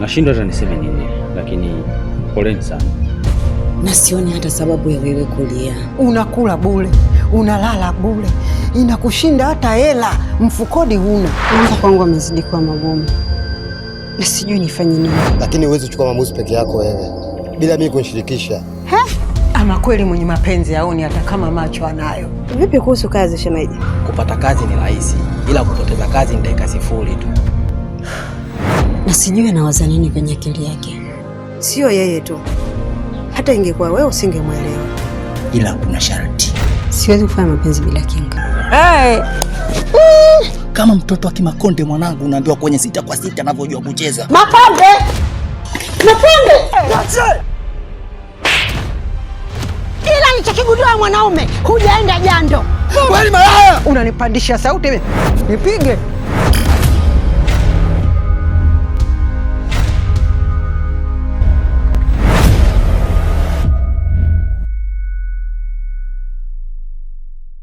Nashindwa hata niseme nini, lakini poleni sana. Na sioni hata sababu ya wewe kulia. Unakula bule unalala bule inakushinda hata hela mfukoni huna. Maisha kwangu amezidi kuwa magumu na sijui nifanye nini, lakini huwezi kuchukua maamuzi peke yako wewe bila mimi kunishirikisha. Ama kweli mwenye mapenzi haoni hata kama macho anayo. Vipi kuhusu kazi shemeji? Kupata kazi ni rahisi, ila kupoteza kazi ni dakika sifuri tu na sijui anawaza nini kwenye akili yake. Sio yeye tu, hata ingekuwa wewe usingemwelewa, ila kuna sharti, siwezi kufanya mapenzi bila kinga. Hey. Kama mtoto wa Kimakonde mwanangu, unaambiwa kwenye sita kwa sita anavyojua kucheza mapande mapande Kigundua mwanaume, hujaenda jando. Kweli malaya, unanipandisha sauti nipige.